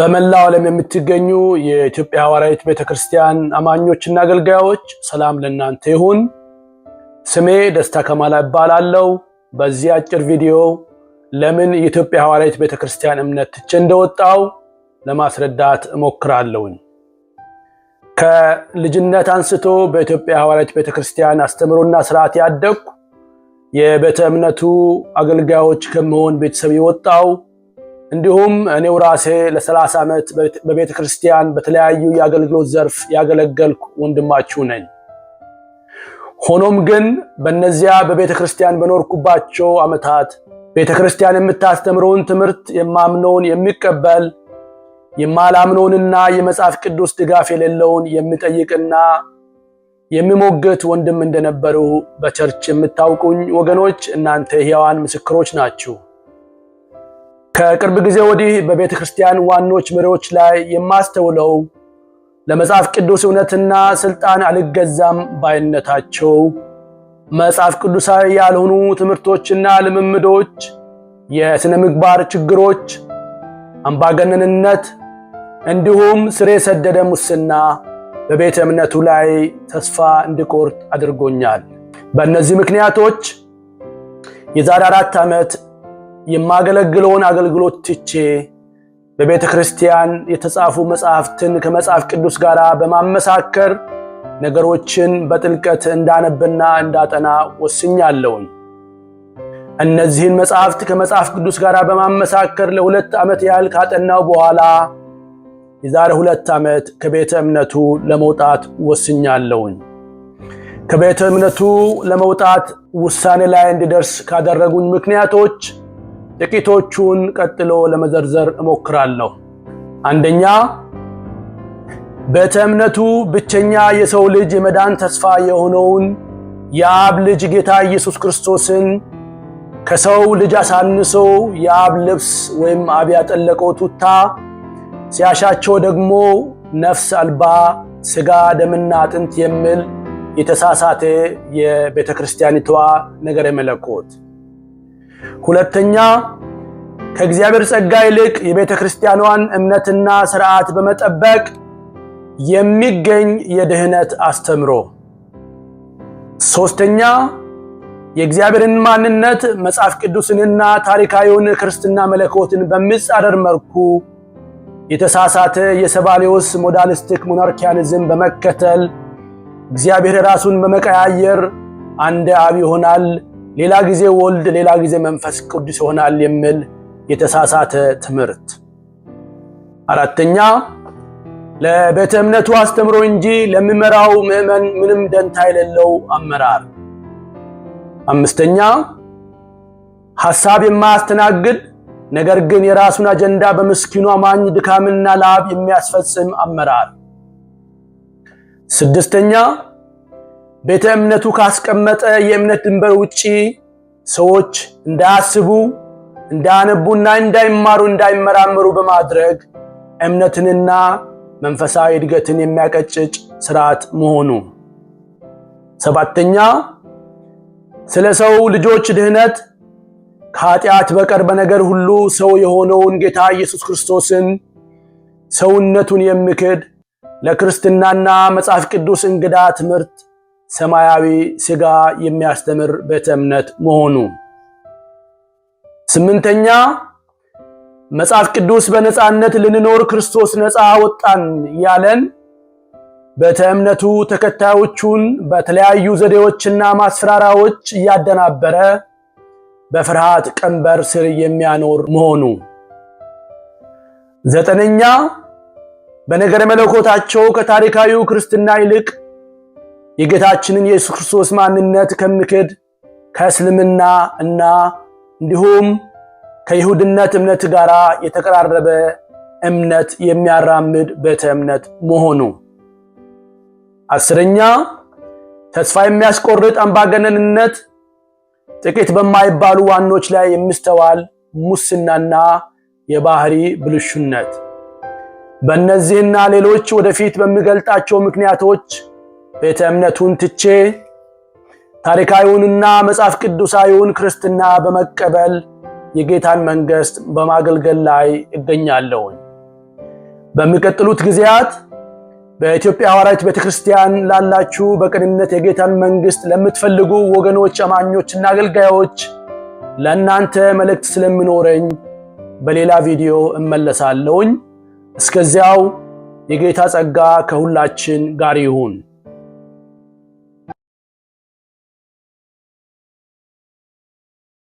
በመላው ዓለም የምትገኙ የኢትዮጵያ ሐዋርያዊት ቤተክርስቲያን አማኞችና አገልጋዮች ሰላም ለእናንተ ይሁን። ስሜ ደስታ ከማላ እባላለሁ። በዚህ አጭር ቪዲዮ ለምን የኢትዮጵያ ሐዋርያዊት ቤተክርስቲያን እምነት ትቼ እንደወጣው ለማስረዳት እሞክራለሁኝ። ከልጅነት አንስቶ በኢትዮጵያ ሐዋርያዊት ቤተክርስቲያን አስተምሮና ስርዓት ያደግኩ የቤተ እምነቱ አገልጋዮች ከመሆን ቤተሰብ የወጣው እንዲሁም እኔው ራሴ ለ30 ዓመት በቤተ ክርስቲያን በተለያዩ የአገልግሎት ዘርፍ ያገለገልኩ ወንድማችሁ ነኝ። ሆኖም ግን በእነዚያ በቤተ ክርስቲያን በኖርኩባቸው ዓመታት ቤተ ክርስቲያን የምታስተምረውን ትምህርት የማምነውን የሚቀበል የማላምነውንና የመጽሐፍ ቅዱስ ድጋፍ የሌለውን የሚጠይቅና የሚሞግት ወንድም እንደነበሩ በቸርች የምታውቁኝ ወገኖች እናንተ ሕያዋን ምስክሮች ናችሁ። ከቅርብ ጊዜ ወዲህ በቤተ ክርስቲያን ዋኖች መሪዎች ላይ የማስተውለው ለመጽሐፍ ቅዱስ እውነትና ስልጣን አልገዛም ባይነታቸው፣ መጽሐፍ ቅዱሳዊ ያልሆኑ ትምህርቶችና ልምምዶች፣ የሥነ ምግባር ችግሮች፣ አምባገነንነት እንዲሁም ስር የሰደደ ሙስና በቤተ እምነቱ ላይ ተስፋ እንዲቆርጥ አድርጎኛል። በእነዚህ ምክንያቶች የዛሬ አራት ዓመት የማገለግለውን አገልግሎት ትቼ በቤተ ክርስቲያን የተጻፉ መጽሐፍትን ከመጽሐፍ ቅዱስ ጋር በማመሳከር ነገሮችን በጥልቀት እንዳነብና እንዳጠና ወስኛለውን። እነዚህን መጽሐፍት ከመጽሐፍ ቅዱስ ጋር በማመሳከር ለሁለት ዓመት ያህል ካጠናው በኋላ የዛሬ ሁለት ዓመት ከቤተ እምነቱ ለመውጣት ወስኛለውን። ከቤተ እምነቱ ለመውጣት ውሳኔ ላይ እንድደርስ ካደረጉኝ ምክንያቶች ጥቂቶቹን ቀጥሎ ለመዘርዘር እሞክራለሁ። አንደኛ በተእምነቱ ብቸኛ የሰው ልጅ የመዳን ተስፋ የሆነውን የአብ ልጅ ጌታ ኢየሱስ ክርስቶስን ከሰው ልጅ አሳንሶ የአብ ልብስ ወይም አብ ያጠለቀው ቱታ ሲያሻቸው ደግሞ ነፍስ አልባ ስጋ ደምና አጥንት የሚል የተሳሳተ የቤተ ክርስቲያኒቷ ነገረ መለኮት ሁለተኛ ከእግዚአብሔር ጸጋ ይልቅ የቤተ ክርስቲያኗን እምነትና ስርዓት በመጠበቅ የሚገኝ የድህነት አስተምሮ፣ ሶስተኛ የእግዚአብሔርን ማንነት መጽሐፍ ቅዱስንና ታሪካዊውን ክርስትና መለኮትን በሚጻረር መልኩ የተሳሳተ የሰባሌዎስ ሞዳሊስቲክ ሞናርኪያኒዝም በመከተል እግዚአብሔር ራሱን በመቀያየር አንድ አብ ይሆናል ሌላ ጊዜ ወልድ፣ ሌላ ጊዜ መንፈስ ቅዱስ ይሆናል የሚል የተሳሳተ ትምህርት። አራተኛ ለቤተ እምነቱ አስተምሮ እንጂ ለሚመራው ምዕመን ምንም ደንታ የሌለው አመራር። አምስተኛ ሐሳብ የማያስተናግድ ነገር ግን የራሱን አጀንዳ በምስኪኑ አማኝ ድካምና ላብ የሚያስፈጽም አመራር። ስድስተኛ ቤተ እምነቱ ካስቀመጠ የእምነት ድንበር ውጪ ሰዎች እንዳያስቡ፣ እንዳያነቡና እንዳይማሩ፣ እንዳይመራመሩ በማድረግ እምነትንና መንፈሳዊ እድገትን የሚያቀጭጭ ስርዓት መሆኑ። ሰባተኛ ስለ ሰው ልጆች ድህነት ከኃጢአት በቀር በነገር ሁሉ ሰው የሆነውን ጌታ ኢየሱስ ክርስቶስን ሰውነቱን የሚክድ ለክርስትናና መጽሐፍ ቅዱስ እንግዳ ትምህርት ሰማያዊ ሥጋ የሚያስተምር ቤተ እምነት መሆኑ። ስምንተኛ መጽሐፍ ቅዱስ በነፃነት ልንኖር ክርስቶስ ነፃ ወጣን ያለን ቤተ እምነቱ ተከታዮቹን በተለያዩ ዘዴዎችና ማስፈራሪያዎች እያደናበረ በፍርሃት ቀንበር ስር የሚያኖር መሆኑ። ዘጠነኛ በነገረ መለኮታቸው ከታሪካዊ ክርስትና ይልቅ የጌታችንን የኢየሱስ ክርስቶስ ማንነት ከምክድ ከእስልምና እና እንዲሁም ከይሁድነት እምነት ጋር የተቀራረበ እምነት የሚያራምድ ቤተ እምነት መሆኑ። አስረኛ ተስፋ የሚያስቆርጥ አምባገነንነት ጥቂት በማይባሉ ዋኖች ላይ የሚስተዋል ሙስናና የባህሪ ብልሹነት በእነዚህና ሌሎች ወደፊት በሚገልጣቸው ምክንያቶች ቤተ እምነቱን ትቼ ታሪካዊውንና መጽሐፍ ቅዱሳዊውን ክርስትና በመቀበል የጌታን መንግሥት በማገልገል ላይ እገኛለሁኝ። በሚቀጥሉት ጊዜያት በኢትዮጵያ ሐዋርያት ቤተክርስቲያን ላላችሁ በቅንነት የጌታን መንግሥት ለምትፈልጉ ወገኖች፣ አማኞችና አገልጋዮች ለእናንተ መልእክት ስለሚኖረኝ በሌላ ቪዲዮ እመለሳለሁኝ። እስከዚያው የጌታ ጸጋ ከሁላችን ጋር ይሁን።